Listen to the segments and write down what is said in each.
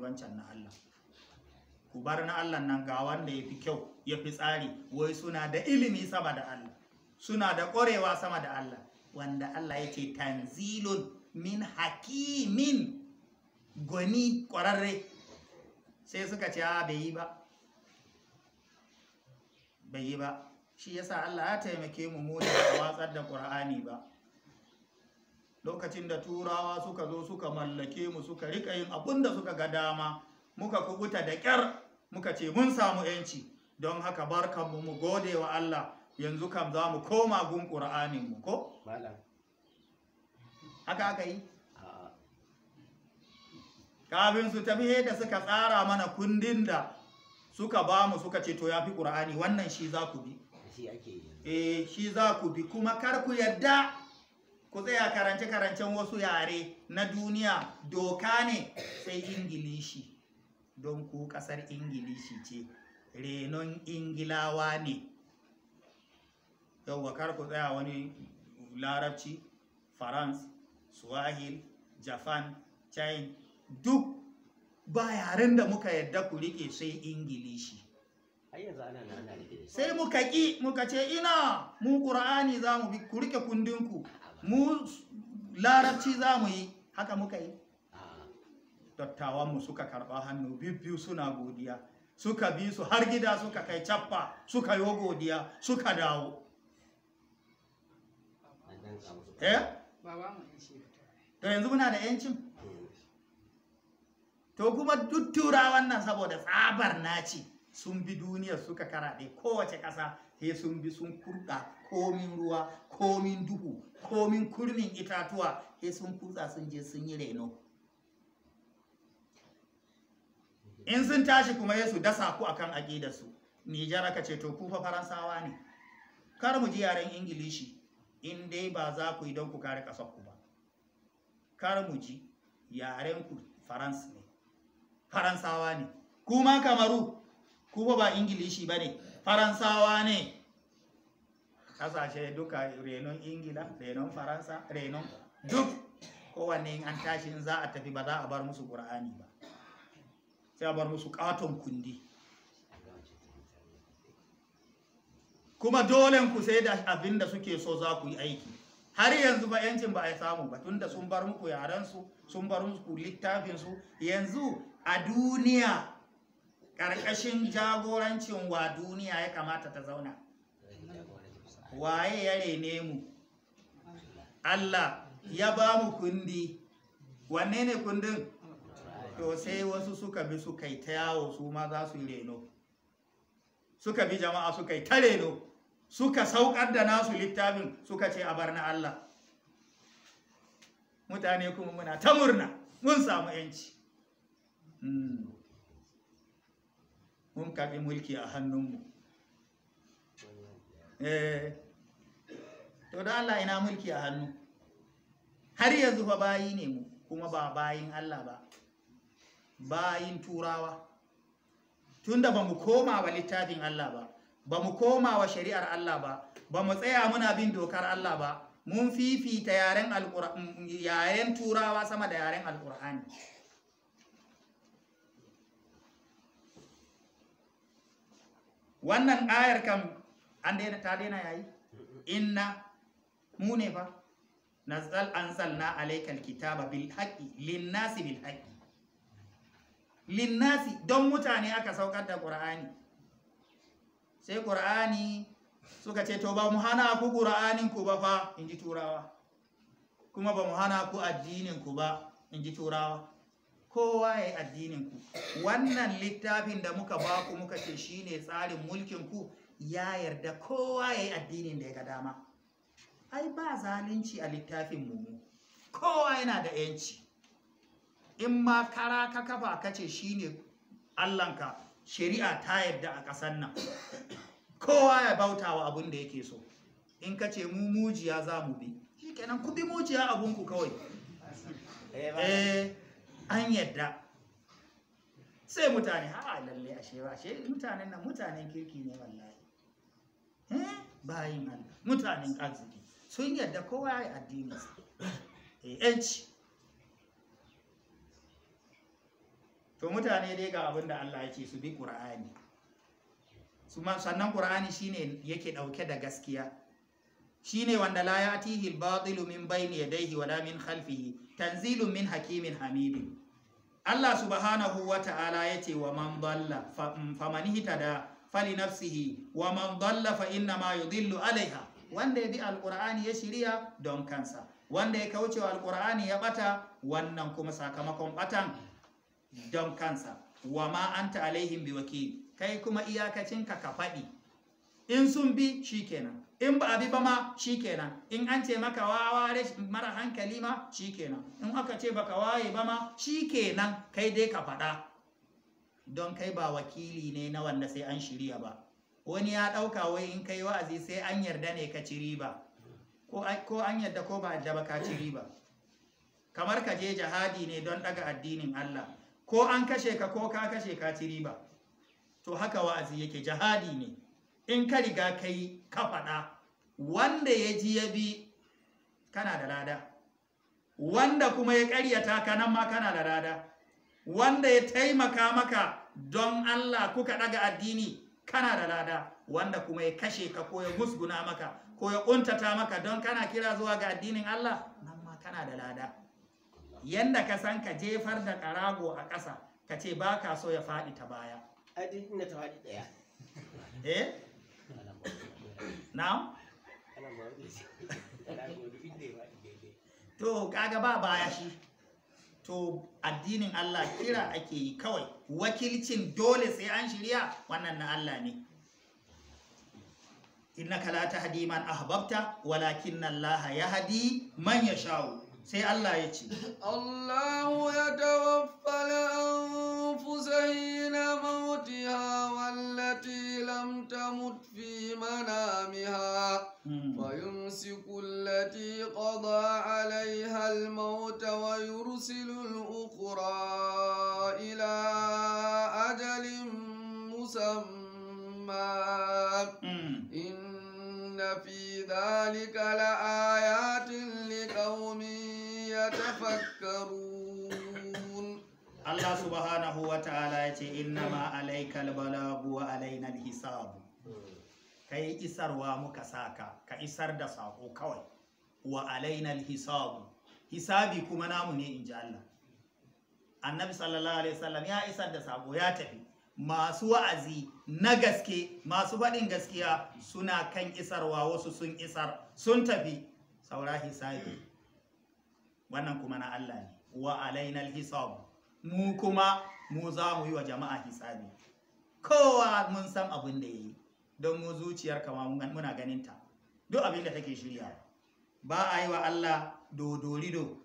wancan na Allah ku bar na Allah nan ga wanda ya fi kyau ya fi tsari wai suna da ilimi sama da Allah suna da ƙwarewa sama da Allah wanda Allah ya ce tanzilun min hakimin gwani ƙwararre sai suka ce a ah, bai yi ba bai yi ba shi yasa Allah ya taimake mu mu da watsar da ƙur'ani ba lokacin da turawa suka zo suka mallake mu suka rika yin abun da suka ga dama muka kubuta da ƙyar muka ce mun samu yanci don haka barkanmu mu gode wa Allah yanzu kam za mu koma gun mu ko? haka aka yi? kafin su tafi da suka tsara mana kundin da suka ba mu suka ce to ya fi ƙur'ani wannan shi za ku bi? Eh, shi za ku bi kuma kar ku yadda ku tsaya karance-karancen wasu yare na duniya doka ne sai ingilishi don ku kasar ingilishi ce renon ingilawa ne yau kar ku tsaya wani larabci Farans, swahil japan china duk ba yaren da muka yadda ku rike sai ingilishi sai muka ki muka ce ina mu ƙura'ani za mu bi ku rike kundinku mu larabci za mu yi haka muka yi dattawanmu suka karɓa hannu biyu suna godiya suka bi su har gida suka kai cappa suka yi godiya suka dawo eh? to yanzu muna da yancin to kuma duk turawan nan saboda tsabar naci sun bi duniya suka karaɗe kowace ƙasa sai sun bi sun kurɗa komin ruwa komin duhu komin kurmin itatuwa sai sun kutsa sun je sun yi reno in sun tashi kuma yesu dasa ku akan aƙidarsu nijar aka ce to fa faransawa ne kar mu ji yaren ingilishi in dai ba za ku yi don ku kare ku ba kar mu ji yaren ku farans ne faransawa ne kuma kamaru ku ba ingilishi ba ne faransawa ne kasashe duka renon ingila renon faransa renon duk kowanne in an tashi in za a tafi ba za a bar musu ƙur'ani ba sai a bar musu katon kundi kuma dolen ku sai da abin da suke so za ku yi aiki har yanzu ba yancin ba a samu ba tunda sun bar muku yarensu sun bar muku littafinsu yanzu a duniya ƙarƙashin jagorancin wa duniya ya kamata ta zauna waye ya rene mu Allah ya ba mu kundi wanne ne kundin to sai wasu suka bi suka yi ta yawo su ma za su reno suka bi jama'a suka yi ta reno suka saukar da nasu littafin suka ce a bar na Allah mutane kuma muna ta murna mun samu yanci hmm. mun kaɓi mulki a hannunmu eh to da Allah ina mulki a hannu har yanzu fa bayi ne mu kuma ba bayin Allah ba bayin turawa tunda ba mu koma wa littafin Allah ba ba mu koma wa shari'ar Allah ba ba mu tsaya muna bin dokar Allah ba mun fifita yaren yaren turawa sama da yaren alkur'ani wannan ayar kam an daina ta daina yayi inna mu ne ba nazzal na alaykal kitaba bil linnasi linnasi linnasi bil haƙi linnasi don mutane aka saukar da ƙura'ani sai ƙura'ani suka ce to ba mu hana ku ƙura'anin ku ba fa inji turawa kuma ba mu hana ku addinin ku ba inji turawa kowa ya yi addinin ku wannan littafin da muka ba ku muka ce shine tsarin mulkin ku ya yarda kowa ya yi addinin da ya ga dama ai ba zalunci a littafin mu kowa yana da yanci in ma kara ka kafa kace shine Allahnka shari'a ta yadda a kasan nan kowa ya bauta wa abin da yake so in ka ce mu mujiya za mu bi shikenan ku bi mujiya abinku kawai eh, eh an yadda sai mutane ha lalle ashe ba ashe mutanen nan mutanen kirki ne wallahi eh bayin Allah mutanen arziki sun yarda kowa ya addini eh, yanci to mutane dai ga abinda da Allah yake su bi ƙur'ani sannan ƙur'ani ne yake ɗauke da gaskiya Shi ne wanda la yatihi al-batilu min bayni yadayhi wala min khalfihi tanzilun min hakimin hamidin Allah subhanahu wa ta'ala ya ce wa man dalla hita hitada fali nafsihi wa man dalla fa inna ma yudillu alaiha wanda ya bi alkur'ani ya shirya don kansa wanda ya kaucewa alkur'ani ya bata wannan kuma sakamakon batan don kansa wa ma anta alaihin bi wakili. kai kuma iyakacin ka faɗi in sun bi shikenan in ba a bi ba ma shikenan in an ce maka wawa mara hankali ma shikenan in aka ce baka waye ba ma shikenan kai dai ka faɗa don kai ba wakili ne na wanda sai an shirya ba wani ya ɗauka wai in kai wa'azi sai an yarda ne ka ci riba ko an yarda ko ba da ba ka ci riba kamar ka je jihadi ne don ɗaga addinin Allah ko an kashe ka ko ka kashe ka ci riba to haka wa'azi yake jihadi ne in ka riga kai ka faɗa wanda ya ji ya bi kana da rada. wanda kuma ya ƙaryata ka nan ma kana da rada. wanda ya taimaka maka don Allah kuka ɗaga addini kana da lada wanda kuma ya kashe ka ko ya musguna maka ko ya kuntata maka don kana kira zuwa ga addinin Allah nan ma kana da lada yanda ka san ka jefar da karago a ƙasa ka ce ba ka so ya faɗi ta baya ina ta faɗi ɗaya eh now to kaga ba baya shi to addinin Allah kira ake yi kawai wakilcin dole sai an shirya wannan na Allah ne innaka la tahdi man ahbabta walakinna Allah yahdi man yasha'u sai Allah ya ce Allahu ya tawaffal anfusahina mawtiha wallati lam tamut fi manamiha فيمسك التي قضى عليها الموت ويرسل الأخرى إلى أجل مسمى إن في ذلك لآيات لقوم يتفكرون الله سبحانه وتعالى إنما عليك البلاغ وعلينا الحساب Kai yi isarwa muka saka ka isar da sako kawai wa alainal hisabu hisabi kuma namu ne in ji Allah annabi sallallahu alaihi wasallam ya isar da sako ya tafi masu wa'azi na gaske masu faɗin gaskiya suna kan isarwa wasu sun isar sun tafi saura hisabi wannan kuma na Allah ne wa alainal hisabu mu kuma mu za mu yi wa jama'a hisabi kowa mun san abin da ya yi don mu zuciyar kama muna ganin ta duk abin da take shirya ba a yi wa Allah dodorido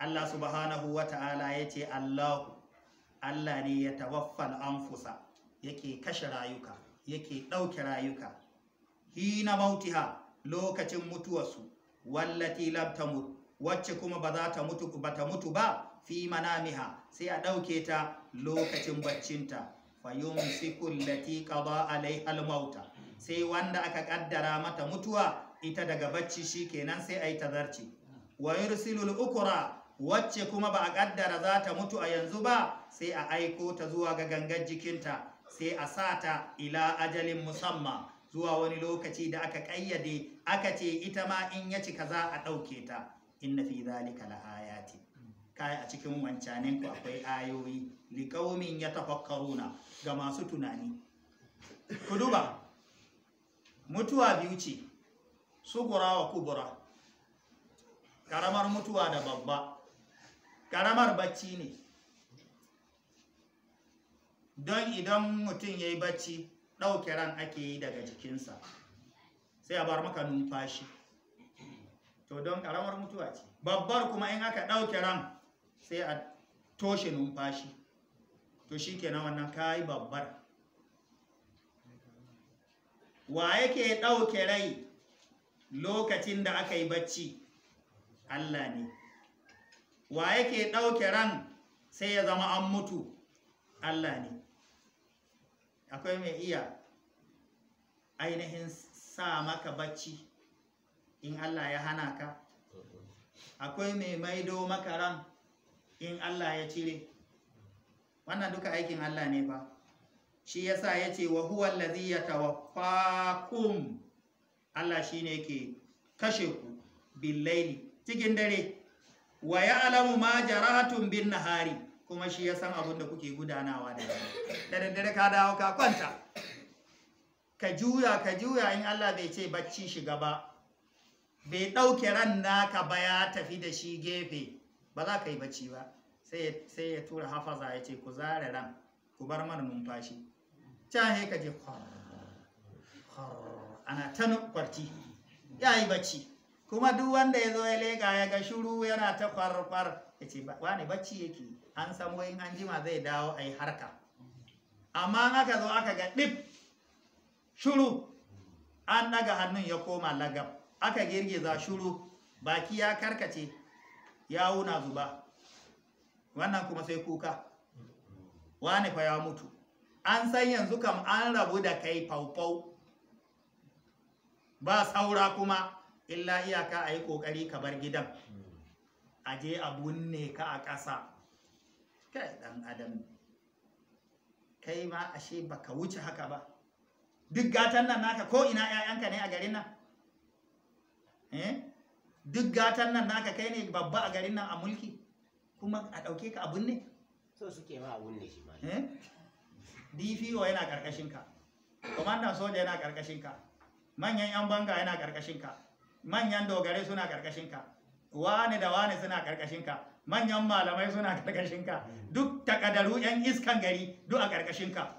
Allah subhanahu wa ta'ala ya ce Allah Allah ne ya tawaffal anfusa yake kashe rayuka yake ɗauke rayuka hina mautiha lokacin mutuwarsu wallati lam mutu wacce kuma ba za ta mutu ba ta mutu ba fi manamiha sai a ɗauke ta lokacin baccinta fayumsiku allati qada alaiha almauta sai wanda aka kaddara mata mutuwa ita daga bacci shi kenan sai ai tazarci wa yursilul ukra wacce kuma ba a kaddara za ta mutu a yanzu ba sai a aiko ta zuwa ga gangar jikinta sai a sa ta ila ajalin musamma zuwa wani lokaci da aka kayyade aka ce ita ma in ya cika za a ɗauke ta inna fi zalika la ayati kai a cikin wancanin ku akwai ayoyi liƙaumin ya tafakkaruna ga masu tunani ku duba mutuwa biyu ce sugura wa kubura karamar mutuwa da babba karamar bacci ne don idan mutum ya yi bacci ɗauke ran ake yi daga jikinsa sai a bar maka numfashi to don karamar mutuwa ce babbar kuma in aka ɗauke ran sai a toshe numfashi to shi kenan wannan kayi babbar wa yake ɗauke rai lokacin da aka yi bacci Allah ne wa yake ɗauke ran sai ya zama an mutu Allah ne akwai mai iya ainihin sa maka bacci in Allah ya hana ka akwai mai maido maka ran in Allah ya cire wannan duka aikin Allah ne fa shi yasa yace wa huwa allazi yatawaffakum Allah shine yake kashe ku billaili cikin dare wa ya'lamu ma jaratun bin nahari kuma shi ya san abin da kuke gudanawa da dare daddare ka dawo ka kwanta ka juya ka juya in Allah bai ce bacci shiga ba bai ɗauke ran naka ba ya tafi da shi gefe ba za ka yi bacci ba sai ya tura hafaza ya ce ku zare ran ku bar mana numfashi can he ka je ana ta kwarti ya yi bacci kuma duk wanda ya zo ya lega ya ga shuru yana ta kwarkwar ya ce wani bacci yake an samu in an jima zai dawo a yi harka amma aka zo aka ga ɗib shuru an daga hannun ya koma lagab aka girgiza shuru baki ya karkace Yawu na zuba wannan kuma sai kuka wani fa ya mutu an san yanzu kam an rabu da kai faufau ba saura kuma illa iyaka a yi ƙoƙari ka bar gidan a je a bunne ka a ƙasa kai dan adam kai ma ashe baka wuce haka ba duk gatan nan naka ko ina 'ya'yanka ne a garin nan eh duk gatan nan naka kai ne babba a garin nan a mulki kuma a ɗauke ka abun ne so suke ma abun ne shi ma eh? dpo yana karkashin ka commander soja yana karkashin ka manyan yan banga yana karkashin ka manyan dogare suna karkashin ka wane da wane suna karkashin ka manyan malamai suna karkashin ka duk takadaru yan iskan gari duk a karkashin ka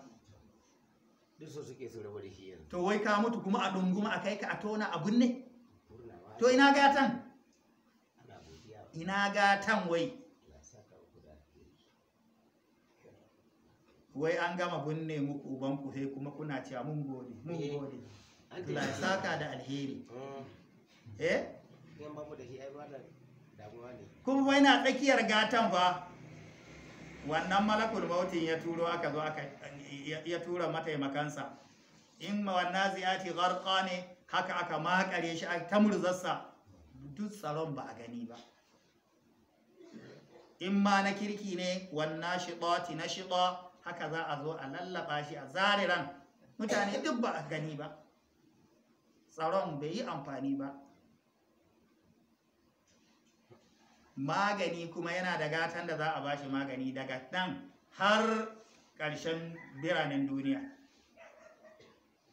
duk so suke su rabu da shi yanzu to wai ka mutu kuma a dunguma a kai ka a tona abun ne to ina gatan ina gatan wai wai an gama binne muku ubanku sai kuma kuna cewa mun gode mun eh, gode Allah ya saka da alheri eh da eh? da shi damuwa ne. kuma wai na tsakiyar gatan fa wannan malakul mautin ya turo aka zo aka ya tura mataimakansa in ma wannan ziyati gharqa ne haka aka makare shi a ta murzarsa duk tsaron ba a gani ba in ma na kirki ne wannan shiɗoti na shiɗo haka za a zo a lallaba shi a zariran mutane duk ba a gani ba tsaron bai yi amfani ba magani kuma yana da gatan da za a bashi magani daga nan har ƙarshen biranen duniya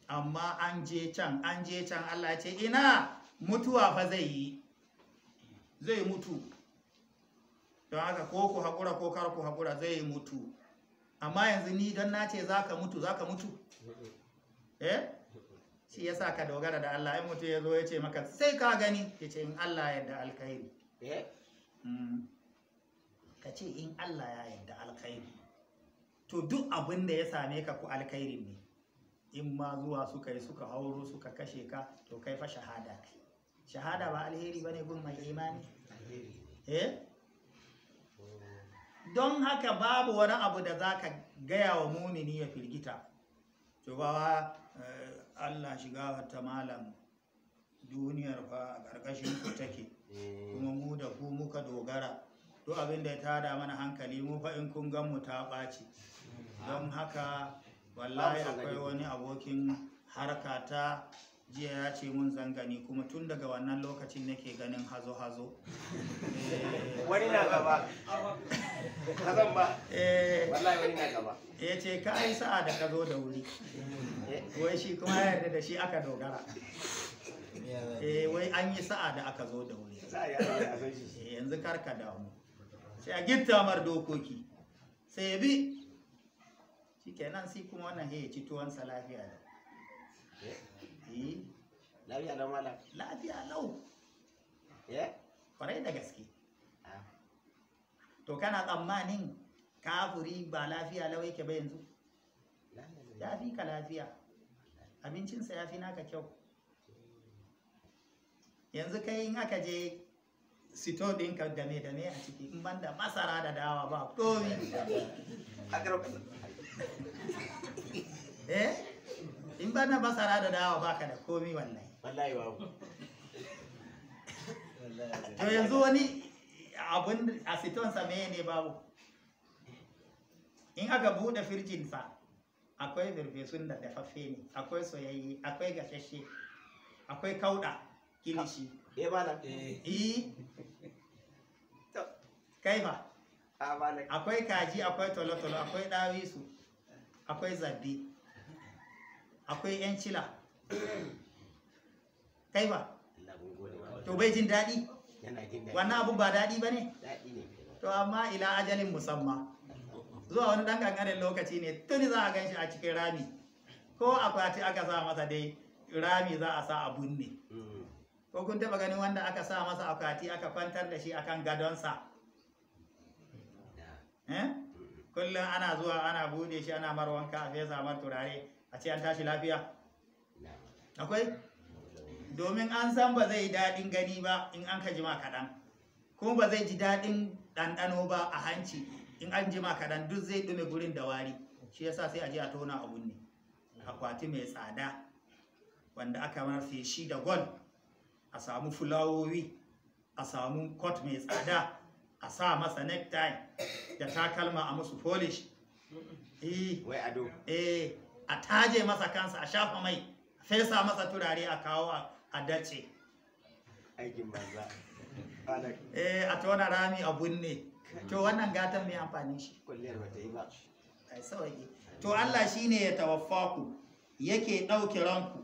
amma an je can an je can Allah ce ina mutuwa fa zai yi zai mutu don haka ko ku haƙura ko kar ku haƙura zai mutu amma yanzu ni don na ce za ka mutu za ka mutu eh shi ya sa ka dogara da Allah in mutu ya zo ya ce maka sai ka gani ya ce in Allah ya yadda alkhairi eh? hmm. ka ce in Allah ya yadda alkhairi to duk abin da ya same ka ku alkhairi ne in ma zuwa suka yi suka hauro suka kashe ka to kai fa shahada kai shahada ba alheri bane gun mai imani eh don haka babu wani abu da zaka gaya wa mumini ya firgita to bawa eh, Allah shiga ta malam duniyar fa a ku take eh. kuma mu da ku muka dogara duk abin da ya tada mana hankali mu fa in kun gan mu ta ɓaci mm. don haka wallahi akwai wani abokin harka ta jiya ya ce mun zangani kuma tun daga wannan lokacin nake ganin hazo-hazo eh, wani na gaba hazan ba eh. wallahi wani na gaba ya ce ka yi sa'a da ka zo da wuri wai shi kuma ya yarda da shi aka dogara eh wai an yi sa'a da aka zo da wuri eh, yanzu karka damu sai a mar dokoki sai bi shikenan sai kuma wannan ya ci tuwansa lafiya da lafiya da mala lafiya lau eh. kwarai da gaske ah. to kana tsammanin kafuri ba lafiya lau yake ba yanzu ya fi ka lafiya abincinsa ya fi naka kyau yanzu kai in aka je sito ka dame-dame a ciki in banda masara da dawa ba komi eh in ba na basara da dawa baka da komi wannan, wallahi babu to yanzu wani abun sa me ne babu in aka buɗe firjinsa akwai birfesun da dafaffe ne akwai soyayye akwai gashashe akwai kauɗa kilishi eh malam eh kai ba ah, akwai kaji akwai tolotolo akwai dawisu. akwai zabi akwai yancila kai ba to bai jin daɗi wannan abu ba daɗi ba ne to amma ila ajalin musamma. zuwa wani ɗan ƙanƙanin lokaci ne tuni za a gan shi a cikin rami ko akwati aka sa masa dai rami za a sa a bunne mm. ko kun taɓa ganin wanda aka sa masa akwati aka kwantar da shi akan gadonsa eh? kullum ana zuwa ana bude shi ana marwanka wanka a fesa mar turare a ce an tashi lafiya akwai domin an san ba zai daɗin gani ba in an ka jima kaɗan kuma ba zai ji daɗin ɗanɗano ba a hanci in an jima kaɗan duk zai ɗume gurin da wari shi yasa sai a je a tona a ne akwati mai tsada wanda aka mar feshi da gol a samu fulawowi a samu kot mai tsada a sa masa necktie da takalma a musu polish eh, eh a taje masa kansa a shafa mai fesa masa turare a kawo a dace aikin banza eh a tona rami a bunne to wannan gatan mai amfani shi yi ba to Allah shi ne ya tawaffa ku yake ɗauki ranku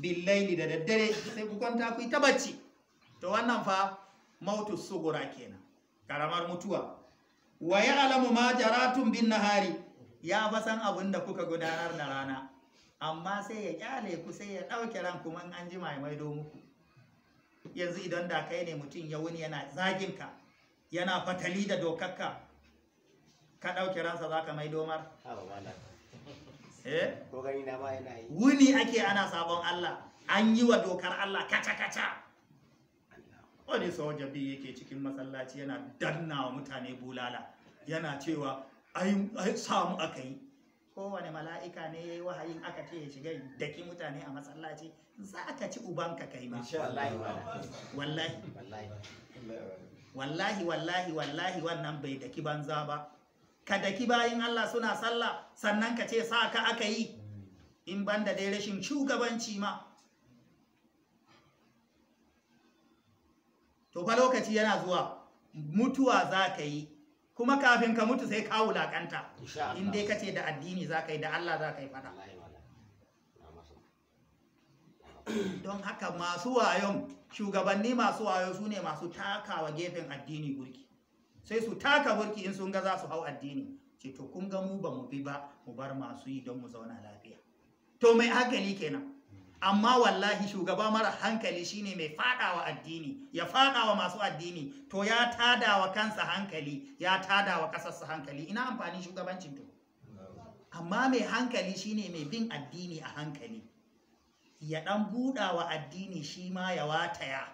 billaili da daddare sai ku kwanta ku ta bacci to wannan fa mautu sugura kenan karamar mutuwa wa ya alamu ma jaratun bin nahari ya fa san abin da kuka gudanar da rana amma sai ya kyale ku sai ya ɗauke ran kuma an ji mai maido muku yanzu idan da kai ne mutum ya wuni yana zagin ka yana fatali da dokakka ka ɗauke ransa za ka maido mar eh? wuni ake ana sabon Allah an yi wa dokar Allah kaca-kaca wani sawon jabi yake cikin masallaci yana danna wa mutane bulala yana cewa ai samu aka yi kowane mala'ika ne ya yi wahayin aka ce ya shiga daki mutane a masallaci za ka ci ubanka kai ma wallahi wallahi wallahi wannan bai daki banza ba ka daki bayan Allah suna sallah sannan ka ce sa ka aka yi in banda dai rashin shugabanci ma to fa lokaci yana zuwa mutuwa za ka yi kuma kafin ka mutu sai ka wulaƙanta in dai ka ce da addini za ka yi da Allah za ka yi fada don haka masu wayon shugabanni masu wayo su ne masu takawa gefen addini burki sai su taka burki in sun ga za su hau addini ce to kun ga mu ba mu bi ba mu bar masu yi don mu zauna lafiya to mai hankali kenan amma wallahi shugaba mara hankali shine mai fadawa addini ya fadawa masu addini to ya tadawa kansa hankali ya tadawa kasarsa hankali ina amfani shugabancin to amma mai hankali shine mai bin addini a hankali ya dan budawa addini shi ma ya wataya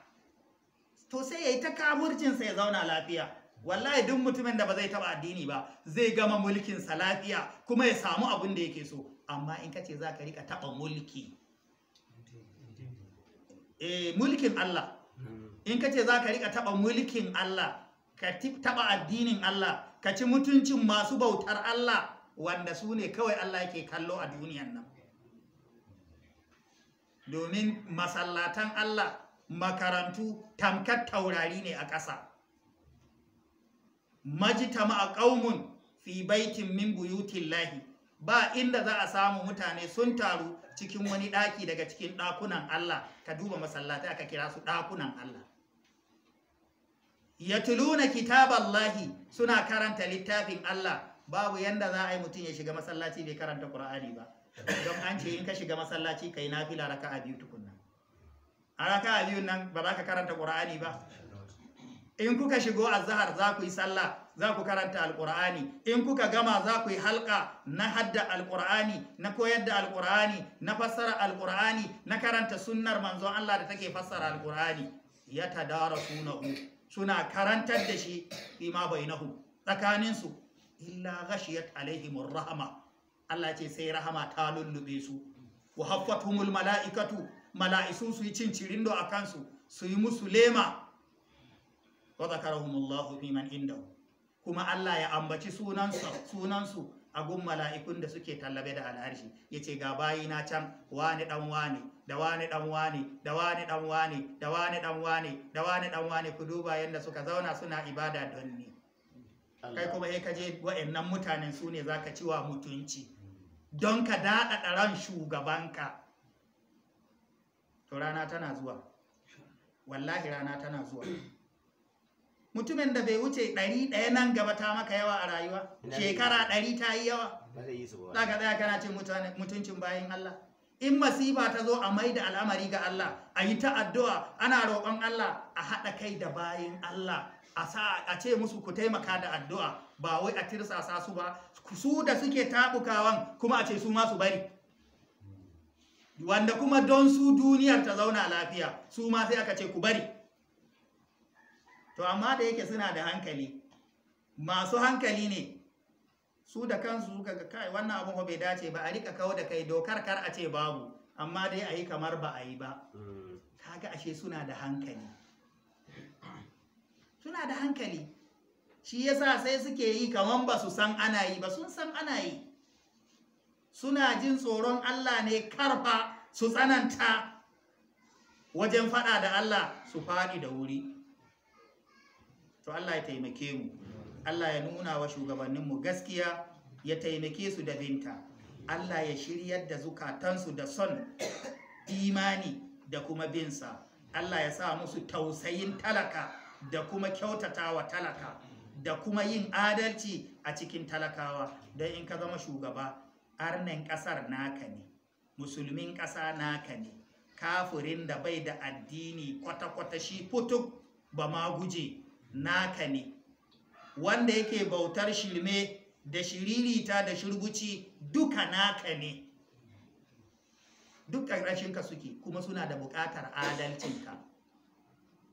to sai yayi ta kamurcin sa ya zauna lafiya wallahi duk mutumin da ba zai taba addini ba zai gama mulkin sa lafiya kuma ya samu abin da yake so amma in kace zaka rika taba mulki Eh, mulkin Allah in ka ce za ka riƙa taɓa mulkin Allah ka taɓa addinin Allah ka ci mutuncin masu bautar Allah wanda su ne kawai Allah ke kallo a duniyan nan domin masallatan Allah makarantu tamkar taurari ne a ƙasa majitama a ƙaumun fi baitin min buyutin lahi ba inda za a samu mutane sun taru cikin wani ɗaki daga cikin ɗakunan Allah ka duba masallatai aka kira su ɗakunan Allah Ya tuluna kitaballahi suna karanta littafin Allah babu yanda za a yi mutum ya shiga masallaci bai karanta Qur'ani ba don an ce in ka shiga masallaci kai nafila raka'a biyu tukunna a biyun nan ba za ka karanta Qur'ani ba in kuka shigo azhar za ku yi sallah za ku karanta alqur'ani in kuka gama za ku yi halka na hadda alqur'ani na koyar da alqur'ani na fassara alqur'ani na karanta sunnar manzon Allah da take fassara alqur'ani sunahu. suna karantar da shi bima bainahu tsakanin su illa ghashiyat alaihimur rahma Allah ce sai rahama ta lullube su wa haffatuhumul mala'ikatu mala'isun su yi cincirindo akan su su yi musu lema wa fi man indahu kuma Allah ya ambaci sunansu a gun mala'ikun da suke tallabe da al'arshi ce ga bayi na can wani dan wani da wani dan wani da wani dan wani da wani dan wani da wani dan wani ku duba yanda suka zauna suna ibada don ni kai kuma eh kaje wa'annan mutanen su ne zaka ci wa mutunci don ka daɗaɗa ran shugabanka to rana tana zuwa wallahi rana tana zuwa mutumin da bai wuce ɗari ɗaya nan gaba ta maka yawa a rayuwa shekara ɗari ta yi yawa za ka tsaya kana ce mutuncin bayan Allah in masifa ta zo a mai da al'amari ga Allah a yi ta addu'a ana roƙon Allah a haɗa kai da bayan Allah a ce musu ku taimaka da addu'a ba wai a tirsasa su ba su da suke taɓukawan kuma a ce su ma bari wanda kuma don su duniyar ta zauna lafiya su ma sai aka ce ku bari to amma da yake suna da hankali masu hankali ne su da kansu ga kai wannan abin bai dace ba a rika kawo da kai dokar kar a ce babu amma dai a yi kamar ba a yi ba hmm. kaga ashe suna da hankali suna da hankali shi yasa sai suke yi kamar ba su san ana yi ba sun san ana yi suna jin tsoron Allah ne karfa su tsananta wajen fada da Allah su faɗi da wuri to Allah ya taimake mu Allah ya nuna wa shugabanninmu gaskiya ya taimake su da binta Allah ya shiryar da zukatansu da son imani da kuma binsa Allah ya sa musu tausayin talaka da kuma kyautatawa talaka da kuma yin adalci a cikin talakawa don in ka zama shugaba arnin ƙasar naka ne musulmin ƙasa naka ne kafirin da bai da addini kwata-kwata shi putuk ba ma guje naka ne wanda yake bautar shirme da shiririta da shirguci duka naka ne duk ƙarƙashinka suke kuma suna da buƙatar adalcinka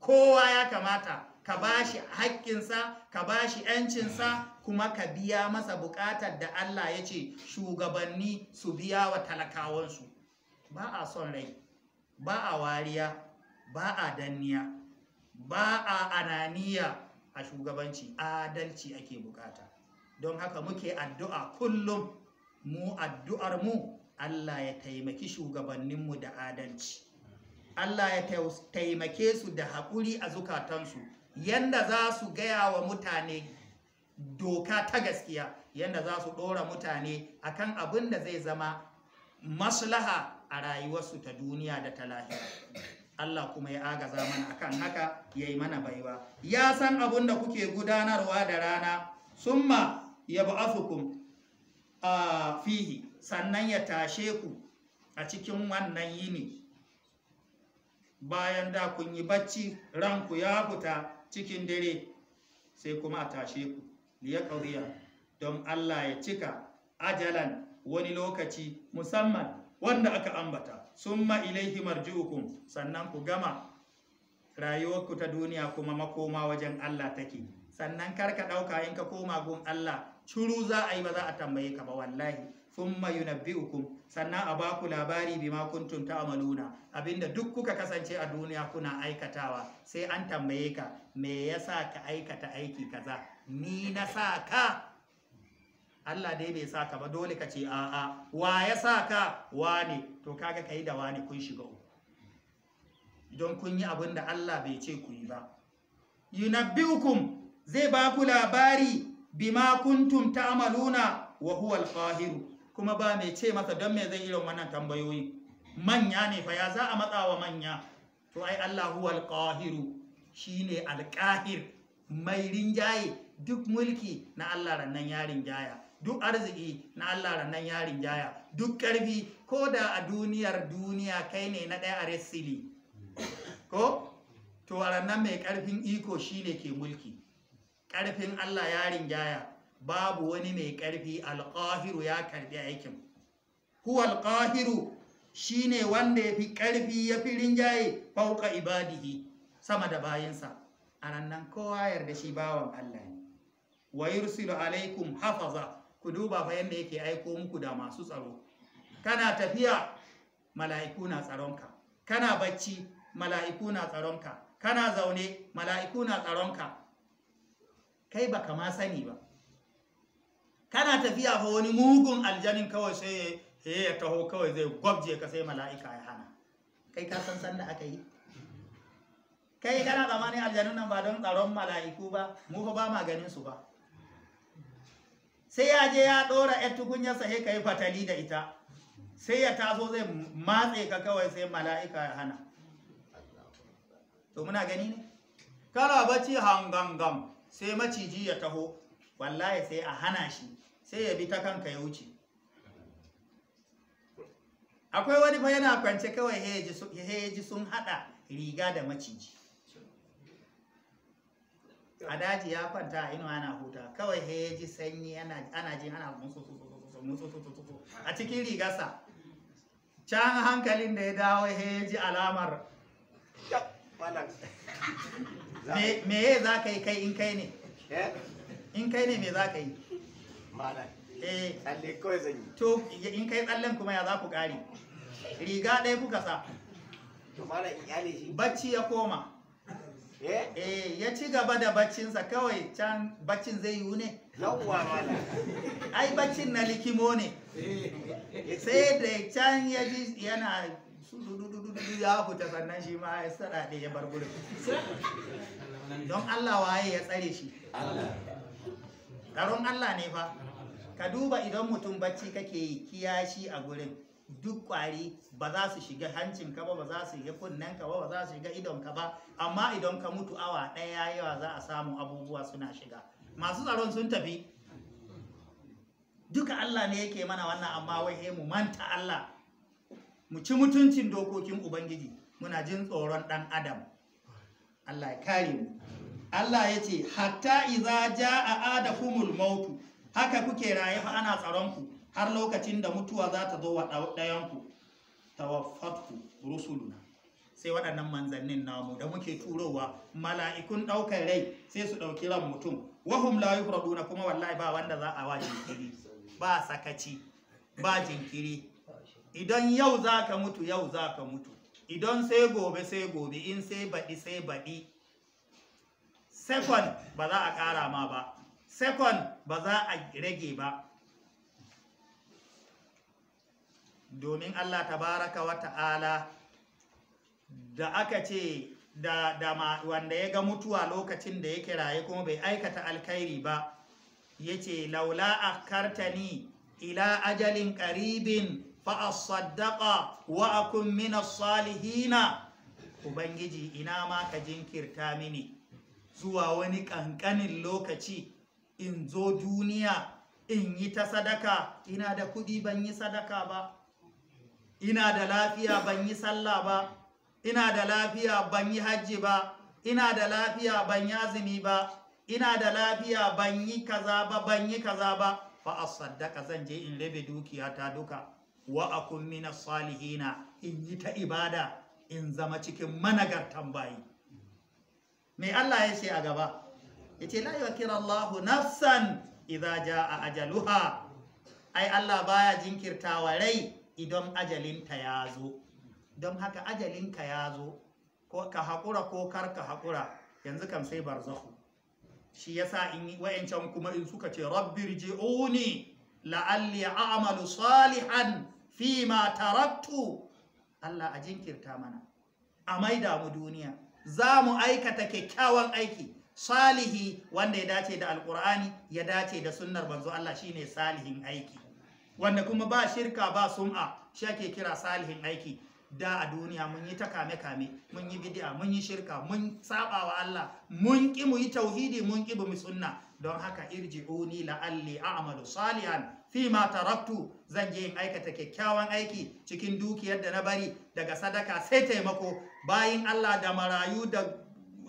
kowa ya kamata ka ba shi haƙƙinsa ka ba shi ‘yancinsa kuma ka biya masa buƙatar da Allah ya ce shugabanni su biya wa talakawansu ba a son rai ba a wariya ba a danniya ba a ananiya a shugabanci adalci ake bukata don haka muke addu'a kullum mu addu'ar mu Allah ya taimaki shugabanninmu da adalci Allah ya taimake su da haƙuri a zukatansu yanda za su gaya wa mutane doka ta gaskiya yanda za su ɗora mutane a kan abin da zai zama maslaha a rayuwarsu ta duniya da ta lahira Allah kuma ya agaza mana akan haka ya yi mana baiwa ya san abun da kuke gudanarwa da rana summa ya ba'afukum a fihi sannan ya tashe ku a cikin wannan yini bayan da kun yi bacci ranku ya fita cikin dare sai kuma a tashe ku liya ƙauriya don Allah ya cika ajalan wani lokaci musamman wanda aka ambata summa ilaihi marji'ukum sannan ku gama rayuwarku ta duniya kuma makoma wajen Allah take sannan kar ka dauka in ka koma gun Allah curu za a yi ba za a tambaye ka ba wallahi bi yunabbi'ukum sannan a ba ku labari bima kuntum ta'maluna abinda duk kuka kasance a duniya kuna aikatawa sai an tambaye ka me yasa ka aikata aiki kaza ni na sa ka Allah dai bai sa ka ba dole ka ce a'a wa ya sa ka wane to kaga kai da wane kun shiga uku don kun yi abin da Allah bai ce ku yi ba yunabbiukum zai ba ku labari bima kuntum ta'maluna wa huwa al qahir kuma ba mai ce masa don me zai irin wannan tambayoyi manya ne fa ya za a matsa wa manya to ai Allah huwa al qahir shine al-qahir mai rinjaye duk mulki na Allah rannan yarin Jaya. duk arziki na Allah ranan yarin jaya duk ƙarfi ko da a duniyar duniya kai ne na ɗaya a resili ko to a ranan mai karfin iko shine ke mulki Ƙarfin Allah yarin jaya babu wani mai ƙarfi alƙahiru ya karbi aikin alƙahiru shi shine wanda ya yafi karfi fi rinjaye fauka ibadihi sama da bayansa, a ranar kowa yarda shi bawan Allah ne wa yursilu alaikum hafaza ku duba fa yadda yake aiko muku da masu tsaro kana tafiya mala'iku na tsaronka kana bacci mala'iku na tsaronka kana zaune mala'iku na tsaronka kai baka ma sani ba kana tafiya fa wani mugun aljanin kawai sai ya taho kawai zai gwabje ka sai mala'ika ya hana kai ka san sanda aka yi kai kana zamanin aljanun nan ba don tsaron mala'iku ba mu fa ba ma ganin su ba sai ya je ya ɗora ‘yar tukunyarsa sai ka fatali da ita sai ya taso zai matse ka kawai sai mala'ika ya hana to muna gani ne kana bacci hangangam sai maciji ya taho wallahi sai a hana shi sai ya bi ta kanka ya wuce akwai wani fa yana kwance kawai heji sun hada riga da maciji a daji ya kwanta a inuwa ana huta kawai he ya ji sanyi ana jin ana musu a cikin rigarsa can hankalin da ya dawo he ya ji alamar me ya za ka yi kai in kai ne in kai ne me za ka eh. yi to in kai tsallen kuma ya za ku ƙari riga ɗaya kuka sa bacci ya koma Eh, eh, eh ya ci gaba da baccinsa kawai can baccin zai yiwu ne ai baccin na likimo ne eh. sai da can ya ji yana ya fita sannan shi ma ya tsara da ya bar gurin don Allah waye ya tsare shi tsaron Allah ne fa ka duba idan mutum bacci kake yi kiyashi a gurin duk kwari ba za su shiga hancinka ba ba za su shiga kunnenka ba ba za su shiga ka ba amma idan ka mutu awa ɗaya yawa za a samu abubuwa suna shiga masu tsaron sun tafi duka Allah ne yake mana wannan amma wai mu manta Allah mu ci mutuncin dokokin ubangiji muna jin tsoron ɗan adam Allah ya kare mu Allah ya ce hatta iza ja'a adakumul mautu haka kuke raye fa ana tsaronku har lokacin da mutuwa za ta zo wa ɗayanku tawaffatku rusuluna sai waɗannan manzannin namu da muke turowa mala'ikun ɗaukar rai sai su ɗauki ran mutum wahum la yufraduna kuma wallahi ba wanda za a wa jinkiri ba sakaci ba jinkiri idan yau za ka mutu yau za ka mutu idan sai gobe sai gobe in sai baɗi sai baɗi second ba za a ƙara ma ba second ba za a rage ba domin Allah tabaraka wa ta'ala da aka ce da, da wanda ya ga mutuwa lokacin da yake raye kuma bai aikata alkhairi ba ya ce laula kartani. ila ajalin karibin fa'asaddaqa wa akun mina salihina ubangiji ina ma ka jinkirta mini zuwa wani ƙanƙanin lokaci in zo duniya in yi ta sadaka ina da kuɗi ban yi sadaka ba ina da lafiya ban yi sallah ba ina da lafiya ban yi hajji ba ina da lafiya ban yi azumi ba ina da lafiya ban yi kaza ba ban yi kaza ba fa asaddaka zan je in rabe dukiya ta duka wa akun min salihina in yi ta ibada in zama cikin managartan bayi me Allah ya ce a gaba yace la yukira Allah nafsan idza jaa ajaluha ai Allah baya jinkirtawa rai idan ajalinta ya zo don haka ajalinka ya zo ko ka haƙura ko kar ka haƙura yanzu kam sai barzahu shi yasa in wayancan kuma in suka ce rabbir ji'uni la'alli a'malu salihan fi ma taraktu Allah a jinkirta mana a maida mu duniya za mu aikata kyakkyawan aiki salihi wanda ya dace da alkur'ani ya dace da sunnar banzu Allah shine salihin aiki wanda kuma ba shirka ba sum'a shi ake kira salihin aiki da a duniya mun yi ta kame kame mun yi bid'a mun yi shirka mun saba wa Allah mun ki mu yi tauhidi mun ki mu sunna don haka Irji, irji'uni la'alli a'malu salihan fi ma taraktu zan je in aikata kyakkyawan aiki cikin dukiyar da na bari daga sadaka sai taimako bayin Allah da marayu da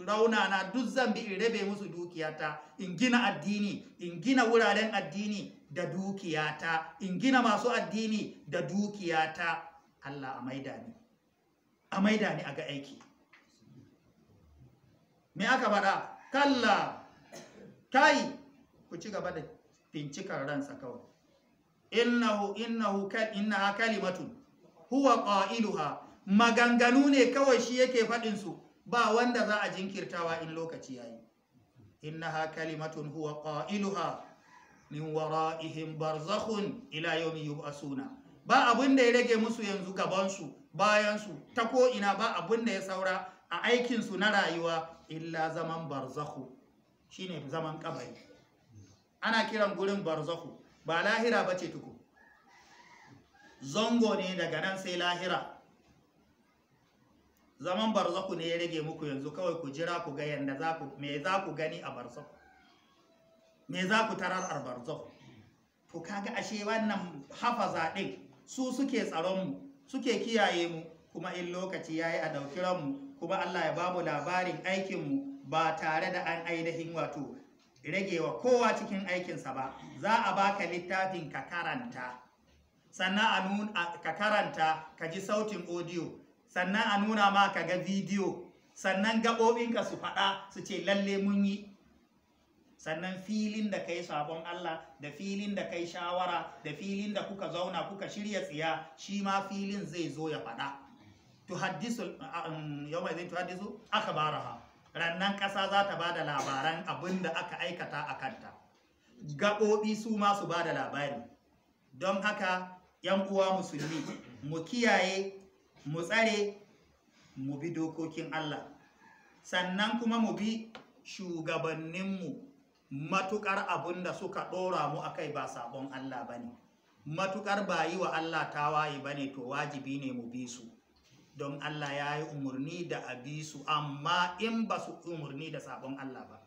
raunana duk zan bi in rabe musu dukiyata in gina addini in gina wuraren addini da dukiyata in gina masu addini da dukiyata Allah a maida ni a maida ni a ga aiki me aka faɗa kalla kai ku ci gaba da bincikar ransa kawai innahu innahu kal innaha kalimatun huwa qailuha maganganu ne kawai shi yake fadin su ba wanda za a jinkirtawa in lokaci yayi innaha kalimatun huwa qailuha min wara'ihim barzakhun ila yawmi yub'asuna ba abun da ya rage musu yanzu gabansu bayansu ta ko'ina ina ba abun da ya saura a aikinsu na rayuwa illa zaman barzakhu shine zaman kabari ana kiran gurin barzakhu ba lahira bace tuku zango ne daga nan sai lahira zaman barzaku ne ya rage muku yanzu kawai ku jira ku ga yanda za ku me za ku gani a barzaku me za ku tarar a barzaku to kaga ashe wannan hafaza din su suke tsaron mu suke kiyaye mu kuma in lokaci yayi a dauki mu kuma Allah ya babu labarin aikin mu ba tare da an ainihin wato ragewa kowa cikin aikinsa ba za a baka littafin ka karanta sannan a ka karanta ka ji sautin audio sannan a nuna ma ka ga bidiyo sannan gaɓoɓinka su faɗa su ce lalle mun yi sannan filin da kai sabon Allah da filin da kai shawara da filin da kuka zauna kuka shirya tsiya shi ma filin zai zo ya faɗa tuhaddisu um, yau mai zai tuhaddisu aka rannan ƙasa za ta ba da labaran abin da aka aikata a kanta gaɓoɓi su ma su ba da labari don haka yan uwa musulmi mu kiyaye mu tsare mu bi dokokin Allah sannan kuma mu bi shugabanninmu matukar abun da suka ɗora mu akai ba sabon Allah ba ne matukar ba yi wa Allah tawaye ba ne to wajibi ne mu bi su don Allah ya yi umarni da a bi su amma in ba su umarni da sabon Allah ba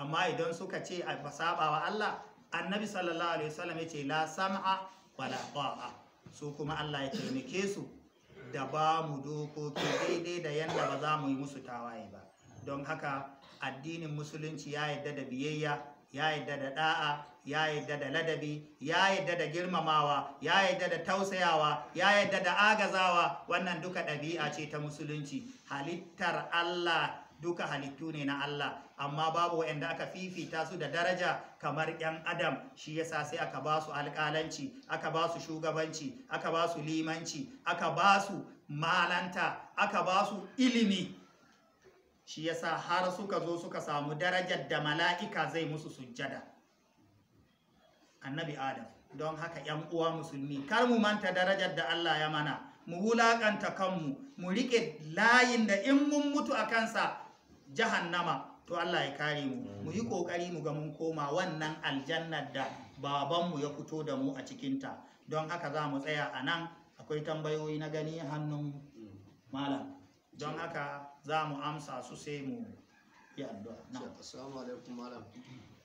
amma idan suka ce a saba wa Allah annabi sallallahu alaihi wasallam ya ce la sam'a wala ta'a su kuma Allah ya taimake su da ba mu dokoki daidai da yadda ba za mu yi musu tawaye ba don haka addinin musulunci ya yadda da biyayya ya yadda da da'a ya yadda da ladabi ya yadda da girmamawa ya yadda da tausayawa ya yadda da agazawa wannan duka ɗabi'a ce ta musulunci halittar Allah duka halittu ne na Allah amma babu wa'anda aka fifita su da daraja kamar yan adam shi yasa sai aka ba su alƙalanci aka ba su shugabanci aka ba su limanci aka ba su malanta aka ba su ilimi shi yasa har suka zo suka samu darajar da mala'ika zai musu sujjada annabi adam don haka yan uwa musulmi kar mu manta darajar da Allah ya mana mu wulaƙanta kanmu mu riƙe layin da in mun mutu a kansa jahannama to Allah ya kare mu mu yi kokari mu ga mun koma wannan aljannar da babanmu ya fito da mu a cikinta don haka za mu tsaya a nan akwai tambayoyi na gani hannun malam don haka za mu amsa su sai mu yi addu'a na assalamu alaikum malam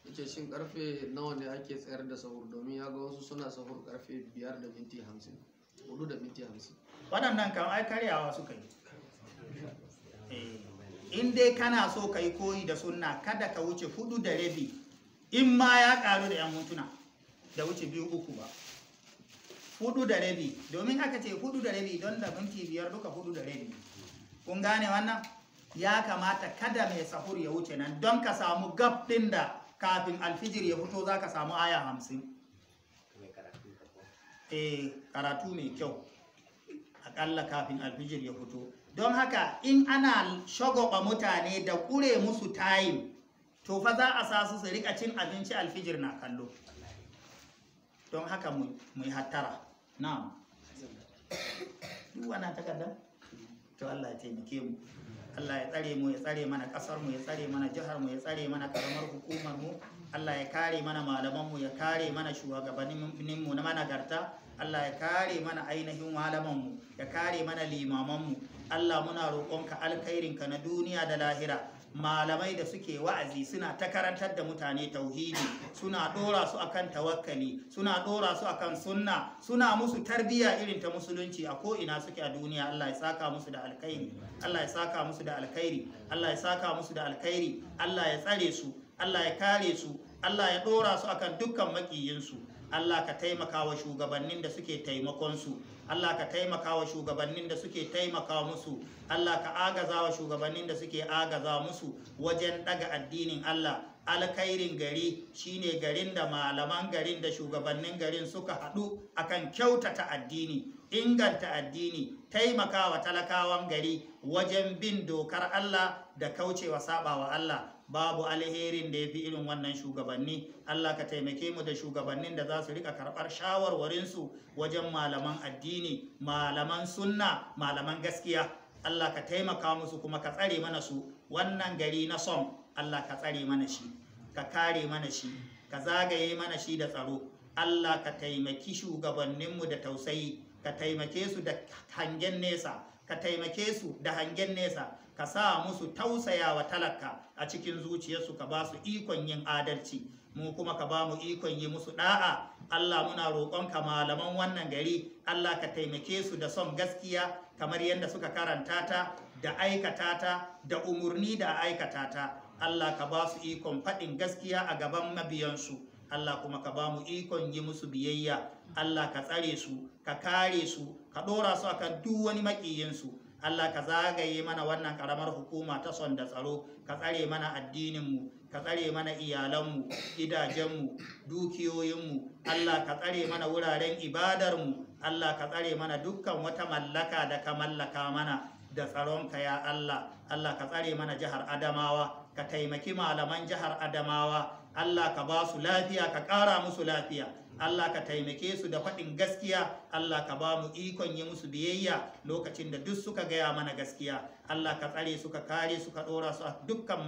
yace shin karfe nawa ne ake tsayar da sahur domin ya ga wasu suna sahur karfe 5 da minti 50 4 da minti 50 waɗannan kan ai karyawa suka yi eh. in dai kana so ka yi koyi da sunna kada ka wuce hudu da rabi in ma ya karu da 'yan mutuna da wuce biyu uku ba hudu da rabi domin aka ce hudu da rabi don da minti biyar duka hudu da rabi kun gane wannan ya kamata kada mai sahur ya wuce nan don ka samu gab din da kafin alfijir ya fito za ka samu aya hamsin eh karatu mai kyau akalla kafin alfijir ya fito don haka in ana shagoba mutane da kure musu tayin to fa za a sa su su rika cin abinci alfijir na kallo don haka mu yi hattara na'am duk wannan takardar to Allah ya taimake mu Allah ya tsare mu ya tsare mana kasar mu ya tsare mana jihar mu ya tsare mana karamar hukumar mu Allah ya kare mana malaman mu ya kare mana shugabannin mu na managarta Allah ya kare mana ainihin malaman mu ya kare mana limaman mu Allah muna roƙonka alkhairinka na duniya da lahira malamai da suke wa'azi suna ta karantar da mutane tauhidi suna dora su akan tawakkali suna dora su akan sunna suna musu tarbiya irin ta musulunci a ko ina suke a duniya Allah ya saka musu da alkhairi Allah ya saka musu da alkhairi Allah ya saka musu da alkhairi Allah ya tsare su Allah ya kare su Allah ya dora su akan dukkan makiyinsu Allah ka taimaka wa shugabannin da suke taimakon su Allah ka taimaka wa shugabannin da suke taimaka musu Allah ka agaza wa shugabannin da suke agaza musu wajen ɗaga addinin Allah alkhairin gari shine garin da malaman garin da shugabannin garin suka haɗu akan kyautata addini inganta addini taimakawa talakawan gari wajen bin dokar Allah da kaucewa sabawa Allah babu alherin da ya fi irin wannan shugabanni Allah ka taimake mu da shugabannin da za su rika karɓar shawarwarinsu wajen malaman addini malaman sunna malaman gaskiya Allah ka taimaka musu kuma ka tsare mana su wannan gari na son Allah ka tsare mana shi ka kare mana shi ka zagaye mana shi da tsaro Allah ka taimaki shugabanninmu da tausayi ka taimake su da hangen nesa ka taimake su da hangen nesa ka sa musu tausayawa talaka a cikin zuciyarsu ka ba su ikon yin adalci mu kuma ka ba mu ikon yi musu da'a Allah muna roƙon ka malaman wannan gari Allah ka taimake su da son gaskiya kamar yadda suka karanta ta da aikata ta da umurni da aikata ta Allah ka ba su ikon faɗin gaskiya a gaban mabiyansu Allah kuma ka ba mu ikon yi musu biyayya Allah ka tsare su ka kare su ka ɗora su akan duk wani maƙiyinsu Allah ka zagaye mana wannan karamar hukuma ta son da tsaro ka tsare mana addininmu ka tsare mana iyalanmu gidajenmu dukiyoyinmu Allah ka tsare mana wuraren ibadarmu Allah ka tsare mana dukkan wata mallaka da ka mallaka mana da tsaronka ya Allah Allah ka tsare mana jihar Adamawa ka taimaki malaman jihar Adamawa Allah ka ba su lafiya ka ƙara musu lafiya Allah ka taimake su da faɗin gaskiya Allah ka ba mu ikon yi musu biyayya lokacin da duk suka gaya mana gaskiya Allah ka tsare suka kare su ka ɗora su a dukkan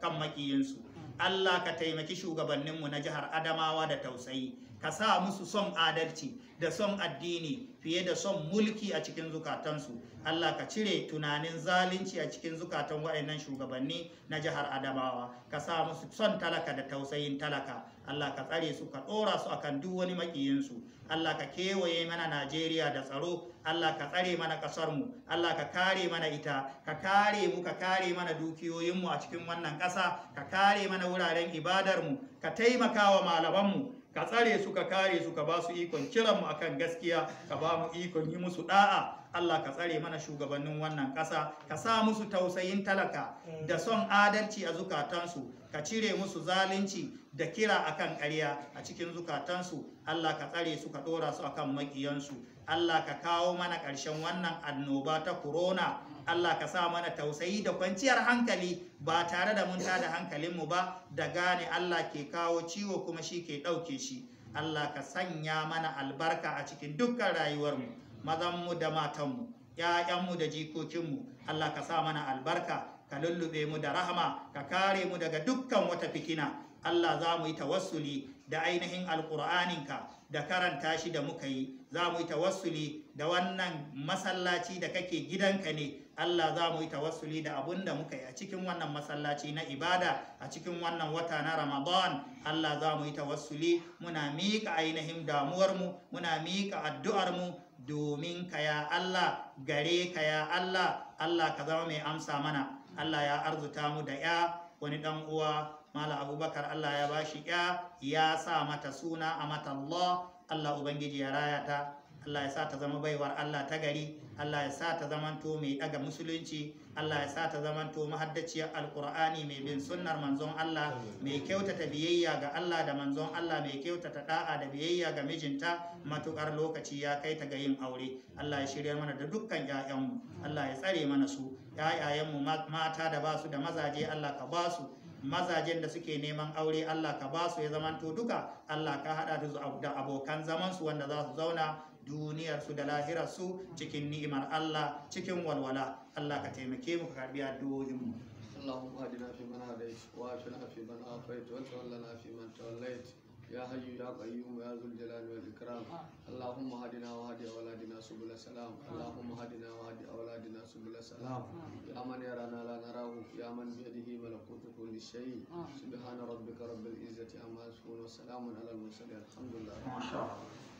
kan makiyinsu Allah ka taimaki shugabanninmu na jihar Adamawa da tausayi ka sa musu son adalci da son addini fiye da son mulki a cikin zukatansu Allah ka cire tunanin zalunci a cikin zukatan wa'annan shugabanni na jihar Adamawa ka sa musu son talaka da tausayin talaka Allah ka tsare su ka ɗora su akan duk wani makiyinsu Allah ka kewaye mana Najeriya da tsaro Allah ka tsare mana ƙasarmu Allah ka kare mana ita ka kare mu ka kare mana dukiyoyin mu a cikin wannan ƙasa ka kare mana wuraren ibadarmu ka taimaka wa malamanmu ka tsare su ka kare su ka ba su ikon kiranmu a kan gaskiya ka ba mu ikon yi musu da'a Allah ka tsare mana shugabannin wannan ƙasa ka sa musu tausayin talaka da son adalci a zukatansu ka cire musu zalunci da kira a kan ƙarya a cikin zukatansu Allah ka tsare su ka ɗora su a kan makiyansu. Allah ka kawo mana ƙarshen wannan annoba ta corona Allah ka sa mana tausayi da kwanciyar hankali ba tare da mun tada hankalinmu ba da gane Allah ke kawo ciwo kuma shi ke ɗauke shi Allah ka sanya mana albarka a cikin dukkan rayuwarmu mazanmu da matanmu ‘ya'yanmu da jikokinmu Allah ka sa mana albarka ka lullube mu da rahama ka kare mu daga dukkan wata fikina Allah za mu yi tawassuli da ainihin alƙur'aninka da karanta shi da muka yi za mu yi tawassuli da wannan masallaci da kake gidanka ne Allah za mu yi tawassuli da abun da muka yi a cikin wannan masallaci na ibada a cikin wannan wata na Ramadan Allah za mu yi tawassuli muna mika ainihin damuwar mu. muna mika addu'ar mu. domin ka ya Allah gare ka ya Allah Allah ka zama mai amsa mana Allah ya arzuta mu da ya wani dan uwa Mala Abubakar Allah ya bashi ya ya sa mata suna a mata Allah Allah Ubangiji ya raya ta Allah ya sa ta zama baiwar Allah ta gari Allah ya sa ta zamanto mai daga musulunci Allah ya sa ta zamanto mahaddaciyar alkur'ani mai bin sunnar manzon Allah mai kyautata biyayya ga Allah da manzon Allah mai kyautata da'a da biyayya ga mijinta matukar lokaci ya kai ta ga yin aure Allah ya shirya mana da dukkan ƴaƴanmu Allah ya tsare mana su ƴaƴayenmu mata da basu da mazaje Allah ka basu mazajen da suke neman aure Allah ka ba su ya zamanto duka Allah ka haɗa da abokan zamansu wanda za su zauna duniyarsu da lahirarsu cikin ni'imar Allah cikin walwala Allah ka taimake mu ka karbi addu'o'in mu Allahu hadi na fi mana da wa shi na fi mana afai to wata wallahi na fi mana tawallait ya hayyu ya qayyum ya zul jalali wal ikram Allahumma hadi na wa hadi awladina subul salam Allahumma hadi na wa hadi awladina subul salam ya man yara na la narahu ya man bi yadihi malakutu kulli shay subhana rabbika rabbil izzati amma yasifun wa salamun ala al mursalin alhamdulillah ma sha Allah